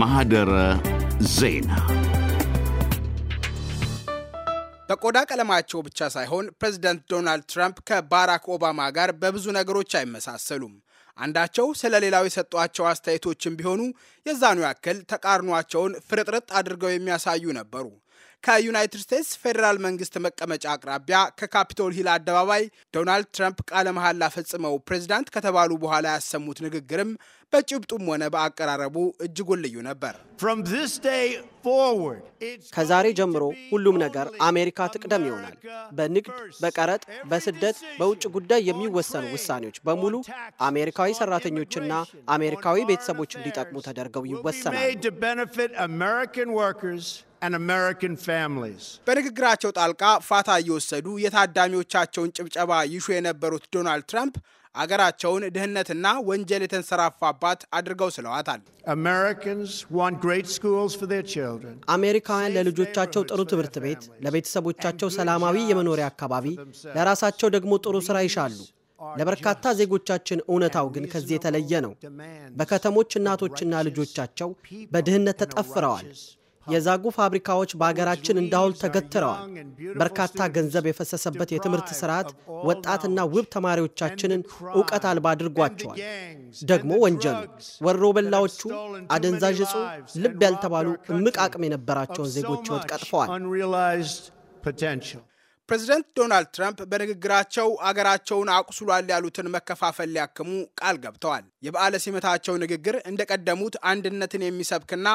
ማህደረ ዜና በቆዳ ቀለማቸው ብቻ ሳይሆን ፕሬዚደንት ዶናልድ ትራምፕ ከባራክ ኦባማ ጋር በብዙ ነገሮች አይመሳሰሉም። አንዳቸው ስለ ሌላው የሰጧቸው አስተያየቶችም ቢሆኑ የዛኑ ያክል ተቃርኗቸውን ፍርጥርጥ አድርገው የሚያሳዩ ነበሩ። ከዩናይትድ ስቴትስ ፌዴራል መንግስት መቀመጫ አቅራቢያ ከካፒቶል ሂል አደባባይ ዶናልድ ትራምፕ ቃለ መሐላ ፈጽመው ፕሬዚዳንት ከተባሉ በኋላ ያሰሙት ንግግርም በጭብጡም ሆነ በአቀራረቡ እጅጉን ልዩ ነበር። ከዛሬ ጀምሮ ሁሉም ነገር አሜሪካ ትቅደም ይሆናል። በንግድ፣ በቀረጥ፣ በስደት፣ በውጭ ጉዳይ የሚወሰኑ ውሳኔዎች በሙሉ አሜሪካዊ ሰራተኞችና አሜሪካዊ ቤተሰቦች እንዲጠቅሙ ተደርገው ይወሰናል። በንግግራቸው ጣልቃ ፋታ እየወሰዱ የታዳሚዎቻቸውን ጭብጨባ ይሹ የነበሩት ዶናልድ ትራምፕ አገራቸውን ድህነትና ወንጀል የተንሰራፋባት አድርገው ስለዋታል። አሜሪካውያን ለልጆቻቸው ጥሩ ትምህርት ቤት፣ ለቤተሰቦቻቸው ሰላማዊ የመኖሪያ አካባቢ፣ ለራሳቸው ደግሞ ጥሩ ስራ ይሻሉ። ለበርካታ ዜጎቻችን እውነታው ግን ከዚህ የተለየ ነው። በከተሞች እናቶችና ልጆቻቸው በድህነት ተጠፍረዋል። የዛጉ ፋብሪካዎች በአገራችን እንዳውል ተገትረዋል። በርካታ ገንዘብ የፈሰሰበት የትምህርት ስርዓት ወጣትና ውብ ተማሪዎቻችንን እውቀት አልባ አድርጓቸዋል። ደግሞ ወንጀሉ ወሮ በላዎቹ አደንዛዥ እጹ፣ ልብ ያልተባሉ እምቅ አቅም የነበራቸውን ዜጎች ሕይወት ቀጥፈዋል። ፕሬዚደንት ዶናልድ ትራምፕ በንግግራቸው አገራቸውን አቁስሏል ያሉትን መከፋፈል ሊያክሙ ቃል ገብተዋል። የበዓለ ሲመታቸው ንግግር እንደቀደሙት አንድነትን የሚሰብክና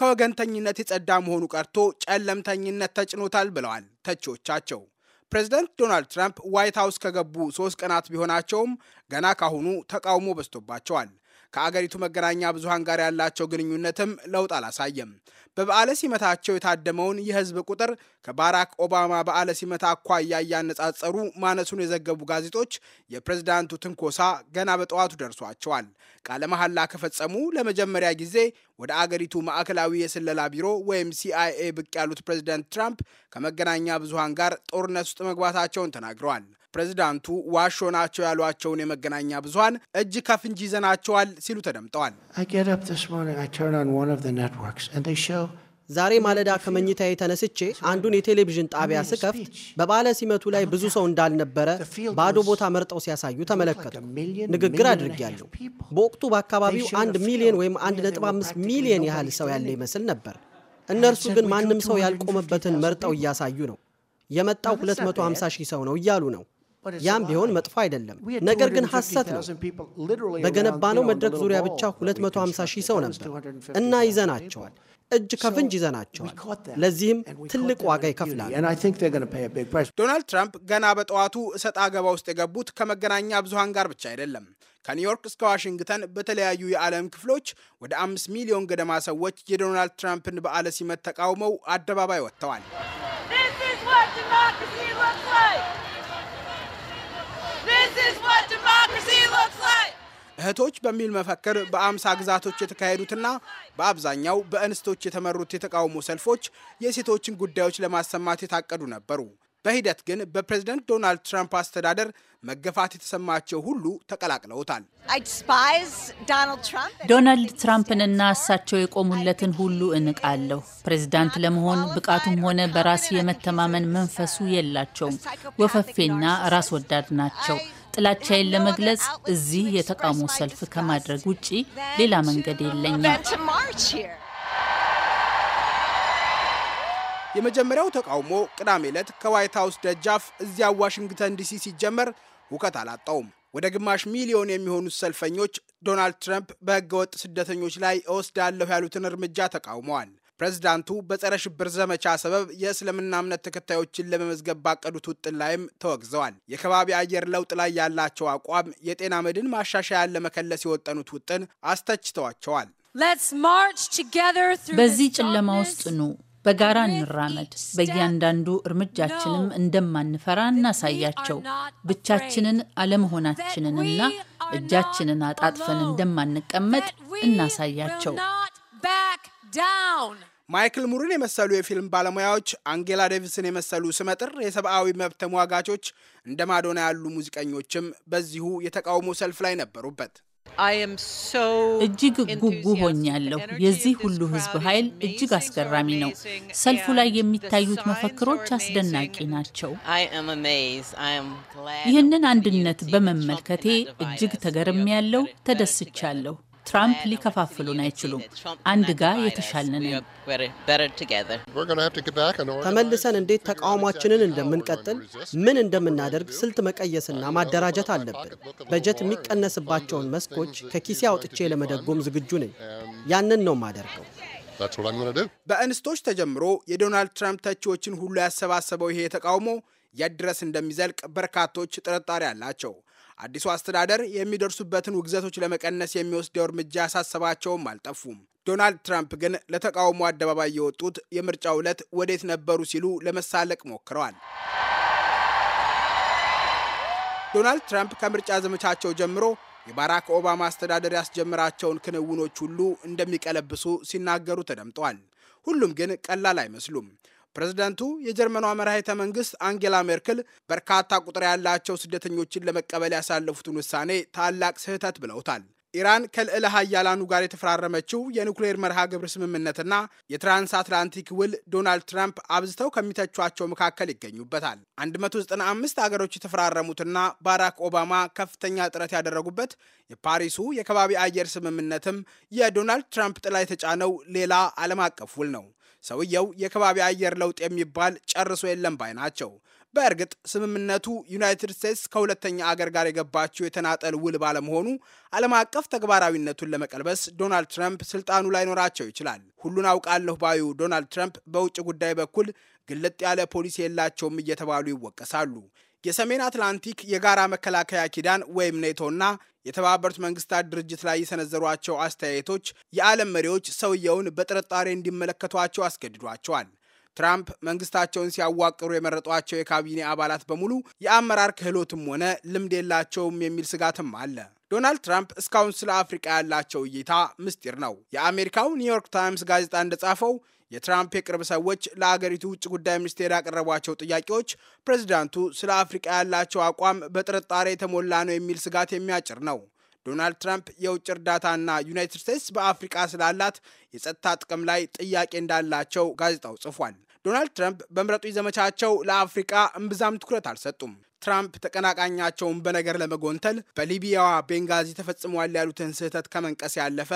ከወገንተኝነት የጸዳ መሆኑ ቀርቶ ጨለምተኝነት ተጭኖታል ብለዋል ተቺዎቻቸው። ፕሬዚደንት ዶናልድ ትራምፕ ዋይት ሀውስ ከገቡ ሶስት ቀናት ቢሆናቸውም ገና ካሁኑ ተቃውሞ በዝቶባቸዋል። ከአገሪቱ መገናኛ ብዙሃን ጋር ያላቸው ግንኙነትም ለውጥ አላሳየም። በበዓለ ሲመታቸው የታደመውን የህዝብ ቁጥር ከባራክ ኦባማ በዓለ ሲመታ አኳያ እያነጻጸሩ ማነሱን የዘገቡ ጋዜጦች የፕሬዝዳንቱ ትንኮሳ ገና በጠዋቱ ደርሷቸዋል። ቃለ መሐላ ከፈጸሙ ለመጀመሪያ ጊዜ ወደ አገሪቱ ማዕከላዊ የስለላ ቢሮ ወይም ሲአይኤ ብቅ ያሉት ፕሬዝዳንት ትራምፕ ከመገናኛ ብዙሃን ጋር ጦርነት ውስጥ መግባታቸውን ተናግረዋል። ፕሬዚዳንቱ ዋሾ ናቸው ያሏቸውን የመገናኛ ብዙሀን እጅ ከፍንጅ ይዘናቸዋል ሲሉ ተደምጠዋል። ዛሬ ማለዳ ከመኝታዬ ተነስቼ አንዱን የቴሌቪዥን ጣቢያ ስከፍት በባለ ሲመቱ ላይ ብዙ ሰው እንዳልነበረ ባዶ ቦታ መርጠው ሲያሳዩ ተመለከቱ። ንግግር አድርጌያለሁ። በወቅቱ በአካባቢው አንድ ሚሊዮን ወይም 1.5 ሚሊዮን ያህል ሰው ያለ ይመስል ነበር። እነርሱ ግን ማንም ሰው ያልቆመበትን መርጠው እያሳዩ ነው። የመጣው 250 ሺህ ሰው ነው እያሉ ነው። ያም ቢሆን መጥፎ አይደለም፣ ነገር ግን ሐሰት ነው። በገነባነው መድረክ ዙሪያ ብቻ 250 ሺህ ሰው ነበር እና ይዘናቸዋል፣ እጅ ከፍንጅ ይዘናቸዋል። ለዚህም ትልቅ ዋጋ ይከፍላል። ዶናልድ ትራምፕ ገና በጠዋቱ እሰጥ አገባ ውስጥ የገቡት ከመገናኛ ብዙሃን ጋር ብቻ አይደለም። ከኒውዮርክ እስከ ዋሽንግተን በተለያዩ የዓለም ክፍሎች ወደ አምስት ሚሊዮን ገደማ ሰዎች የዶናልድ ትራምፕን በዓለ ሲመት ተቃውመው አደባባይ ወጥተዋል። እህቶች በሚል መፈክር በአምሳ ግዛቶች የተካሄዱትና በአብዛኛው በእንስቶች የተመሩት የተቃውሞ ሰልፎች የሴቶችን ጉዳዮች ለማሰማት የታቀዱ ነበሩ። በሂደት ግን በፕሬዝደንት ዶናልድ ትራምፕ አስተዳደር መገፋት የተሰማቸው ሁሉ ተቀላቅለውታል። ዶናልድ ትራምፕንና እሳቸው የቆሙለትን ሁሉ እንቃለሁ። ፕሬዝዳንት ለመሆን ብቃቱም ሆነ በራስ የመተማመን መንፈሱ የላቸውም። ወፈፌና ራስ ወዳድ ናቸው። ጥላቻዬን ለመግለጽ እዚህ የተቃውሞ ሰልፍ ከማድረግ ውጪ ሌላ መንገድ የለኝም። የመጀመሪያው ተቃውሞ ቅዳሜ ዕለት ከዋይት ሀውስ ደጃፍ እዚያ ዋሽንግተን ዲሲ ሲጀመር ሁከት አላጣውም። ወደ ግማሽ ሚሊዮን የሚሆኑት ሰልፈኞች ዶናልድ ትራምፕ በህገወጥ ስደተኞች ላይ እወስዳለሁ ያሉትን እርምጃ ተቃውመዋል። ፕሬዝዳንቱ በጸረ ሽብር ዘመቻ ሰበብ የእስልምና እምነት ተከታዮችን ለመመዝገብ ባቀዱት ውጥን ላይም ተወግዘዋል። የከባቢ አየር ለውጥ ላይ ያላቸው አቋም፣ የጤና መድን ማሻሻያን ለመከለስ የወጠኑት ውጥን አስተችተዋቸዋል። በዚህ ጨለማ ውስጥ ኑ በጋራ እንራመድ። በእያንዳንዱ እርምጃችንም እንደማንፈራ እናሳያቸው። ብቻችንን አለመሆናችንንና እጃችንን አጣጥፈን እንደማንቀመጥ እናሳያቸው። ማይክል ሙርን የመሰሉ የፊልም ባለሙያዎች፣ አንጌላ ዴቪስን የመሰሉ ስመጥር የሰብአዊ መብት ተሟጋቾች፣ እንደ ማዶና ያሉ ሙዚቀኞችም በዚሁ የተቃውሞ ሰልፍ ላይ ነበሩበት። እጅግ ጉጉ ሆኛለሁ። የዚህ ሁሉ ህዝብ ኃይል እጅግ አስገራሚ ነው። ሰልፉ ላይ የሚታዩት መፈክሮች አስደናቂ ናቸው። ይህንን አንድነት በመመልከቴ እጅግ ተገርሜያለሁ፣ ተደስቻለሁ። ትራምፕ ሊከፋፍሉን አይችሉም። አንድ ጋር የተሻለንን ተመልሰን እንዴት ተቃውሟችንን እንደምንቀጥል፣ ምን እንደምናደርግ ስልት መቀየስና ማደራጀት አለብን። በጀት የሚቀነስባቸውን መስኮች ከኪሴ አውጥቼ ለመደጎም ዝግጁ ነኝ። ያንን ነው ማደርገው። በእንስቶች ተጀምሮ የዶናልድ ትራምፕ ተቺዎችን ሁሉ ያሰባሰበው ይሄ ተቃውሞ የት ድረስ እንደሚዘልቅ በርካቶች ጥርጣሬ አላቸው። አዲሱ አስተዳደር የሚደርሱበትን ውግዘቶች ለመቀነስ የሚወስደው እርምጃ ያሳሰባቸውም አልጠፉም። ዶናልድ ትራምፕ ግን ለተቃውሞ አደባባይ የወጡት የምርጫው ዕለት ወዴት ነበሩ ሲሉ ለመሳለቅ ሞክረዋል። ዶናልድ ትራምፕ ከምርጫ ዘመቻቸው ጀምሮ የባራክ ኦባማ አስተዳደር ያስጀምራቸውን ክንውኖች ሁሉ እንደሚቀለብሱ ሲናገሩ ተደምጠዋል። ሁሉም ግን ቀላል አይመስሉም። ፕሬዝደንቱ የጀርመኗ መራሄተ መንግስት አንጌላ ሜርክል በርካታ ቁጥር ያላቸው ስደተኞችን ለመቀበል ያሳለፉትን ውሳኔ ታላቅ ስህተት ብለውታል። ኢራን ከልዕለ ሀያላኑ ጋር የተፈራረመችው የኒውክሌር መርሃ ግብር ስምምነትና የትራንስ አትላንቲክ ውል ዶናልድ ትራምፕ አብዝተው ከሚተቿቸው መካከል ይገኙበታል። 195 አገሮች የተፈራረሙትና ባራክ ኦባማ ከፍተኛ ጥረት ያደረጉበት የፓሪሱ የከባቢ አየር ስምምነትም የዶናልድ ትራምፕ ጥላ የተጫነው ሌላ ዓለም አቀፍ ውል ነው። ሰውየው የከባቢ አየር ለውጥ የሚባል ጨርሶ የለም ባይ ናቸው። በእርግጥ ስምምነቱ ዩናይትድ ስቴትስ ከሁለተኛ አገር ጋር የገባቸው የተናጠል ውል ባለመሆኑ ዓለም አቀፍ ተግባራዊነቱን ለመቀልበስ ዶናልድ ትራምፕ ስልጣኑ ላይኖራቸው ይችላል። ሁሉን አውቃለሁ ባዩ ዶናልድ ትራምፕ በውጭ ጉዳይ በኩል ግልጥ ያለ ፖሊሲ የላቸውም እየተባሉ ይወቀሳሉ። የሰሜን አትላንቲክ የጋራ መከላከያ ኪዳን ወይም ኔቶና የተባበሩት መንግስታት ድርጅት ላይ የሰነዘሯቸው አስተያየቶች የዓለም መሪዎች ሰውየውን በጥርጣሬ እንዲመለከቷቸው አስገድዷቸዋል። ትራምፕ መንግስታቸውን ሲያዋቅሩ የመረጧቸው የካቢኔ አባላት በሙሉ የአመራር ክህሎትም ሆነ ልምድ የላቸውም የሚል ስጋትም አለ። ዶናልድ ትራምፕ እስካሁን ስለ አፍሪቃ ያላቸው እይታ ምስጢር ነው። የአሜሪካው ኒውዮርክ ታይምስ ጋዜጣ እንደጻፈው የትራምፕ የቅርብ ሰዎች ለአገሪቱ ውጭ ጉዳይ ሚኒስቴር ያቀረቧቸው ጥያቄዎች ፕሬዚዳንቱ ስለ አፍሪቃ ያላቸው አቋም በጥርጣሬ የተሞላ ነው የሚል ስጋት የሚያጭር ነው። ዶናልድ ትራምፕ የውጭ እርዳታና ዩናይትድ ስቴትስ በአፍሪቃ ስላላት የጸጥታ ጥቅም ላይ ጥያቄ እንዳላቸው ጋዜጣው ጽፏል። ዶናልድ ትራምፕ በምረጡኝ ዘመቻቸው ለአፍሪቃ እምብዛም ትኩረት አልሰጡም። ትራምፕ ተቀናቃኛቸውን በነገር ለመጎንተል በሊቢያዋ ቤንጋዚ ተፈጽሟል ያሉትን ስህተት ከመንቀስ ያለፈ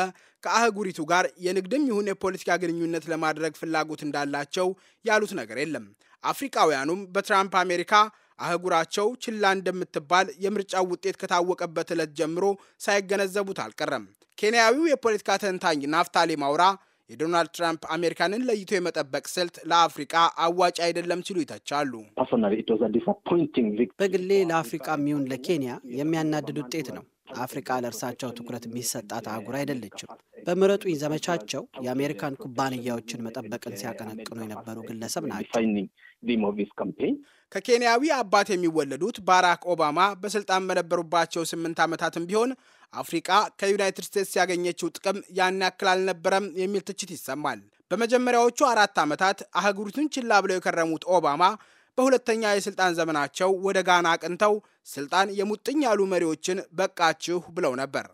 ከአህጉሪቱ ጋር የንግድም ይሁን የፖለቲካ ግንኙነት ለማድረግ ፍላጎት እንዳላቸው ያሉት ነገር የለም። አፍሪካውያኑም በትራምፕ አሜሪካ አህጉራቸው ችላ እንደምትባል የምርጫው ውጤት ከታወቀበት ዕለት ጀምሮ ሳይገነዘቡት አልቀረም። ኬንያዊው የፖለቲካ ተንታኝ ናፍታሌ ማውራ የዶናልድ ትራምፕ አሜሪካንን ለይቶ የመጠበቅ ስልት ለአፍሪቃ አዋጭ አይደለም ሲሉ ይተቻሉ። በግሌ ለአፍሪቃ የሚሆን ለኬንያ የሚያናድድ ውጤት ነው። አፍሪቃ ለእርሳቸው ትኩረት የሚሰጣት አህጉር አይደለችም። በምረጡኝ ዘመቻቸው የአሜሪካን ኩባንያዎችን መጠበቅን ሲያቀነቅኑ የነበሩ ግለሰብ ናቸው። ከኬንያዊ አባት የሚወለዱት ባራክ ኦባማ በስልጣን በነበሩባቸው ስምንት ዓመታትም ቢሆን አፍሪቃ ከዩናይትድ ስቴትስ ያገኘችው ጥቅም ያን ያክል አልነበረም የሚል ትችት ይሰማል። በመጀመሪያዎቹ አራት ዓመታት አህጉሪቱን ችላ ብለው የከረሙት ኦባማ በሁለተኛ የስልጣን ዘመናቸው ወደ ጋና አቅንተው ስልጣን የሙጥኝ ያሉ መሪዎችን በቃችሁ ብለው ነበር።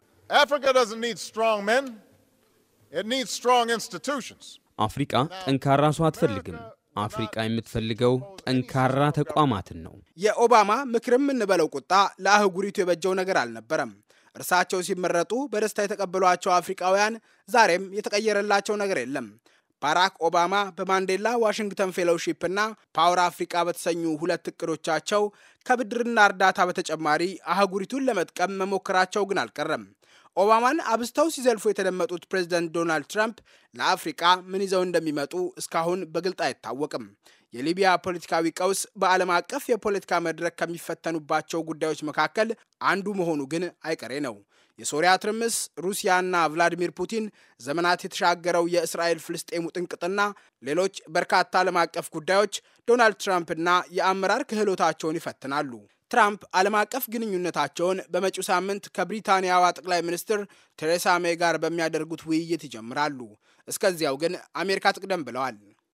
አፍሪቃ ጠንካራ ሰው አትፈልግም። አፍሪቃ የምትፈልገው ጠንካራ ተቋማትን ነው። የኦባማ ምክርም እንበለው ቁጣ ለአህጉሪቱ የበጀው ነገር አልነበረም። እርሳቸው ሲመረጡ በደስታ የተቀበሏቸው አፍሪቃውያን ዛሬም የተቀየረላቸው ነገር የለም። ባራክ ኦባማ በማንዴላ ዋሽንግተን ፌሎውሺፕ እና ፓወር አፍሪቃ በተሰኙ ሁለት እቅዶቻቸው ከብድርና እርዳታ በተጨማሪ አህጉሪቱን ለመጥቀም መሞከራቸው ግን አልቀረም። ኦባማን አብዝተው ሲዘልፉ የተደመጡት ፕሬዚደንት ዶናልድ ትራምፕ ለአፍሪቃ ምን ይዘው እንደሚመጡ እስካሁን በግልጽ አይታወቅም። የሊቢያ ፖለቲካዊ ቀውስ በዓለም አቀፍ የፖለቲካ መድረክ ከሚፈተኑባቸው ጉዳዮች መካከል አንዱ መሆኑ ግን አይቀሬ ነው። የሶሪያ ትርምስ፣ ሩሲያና ቭላዲሚር ፑቲን ዘመናት የተሻገረው የእስራኤል ፍልስጤም ውጥንቅጥና ሌሎች በርካታ ዓለም አቀፍ ጉዳዮች ዶናልድ ትራምፕና የአመራር ክህሎታቸውን ይፈትናሉ። ትራምፕ ዓለም አቀፍ ግንኙነታቸውን በመጪው ሳምንት ከብሪታንያዋ ጠቅላይ ሚኒስትር ቴሬሳ ሜይ ጋር በሚያደርጉት ውይይት ይጀምራሉ። እስከዚያው ግን አሜሪካ ትቅደም ብለዋል።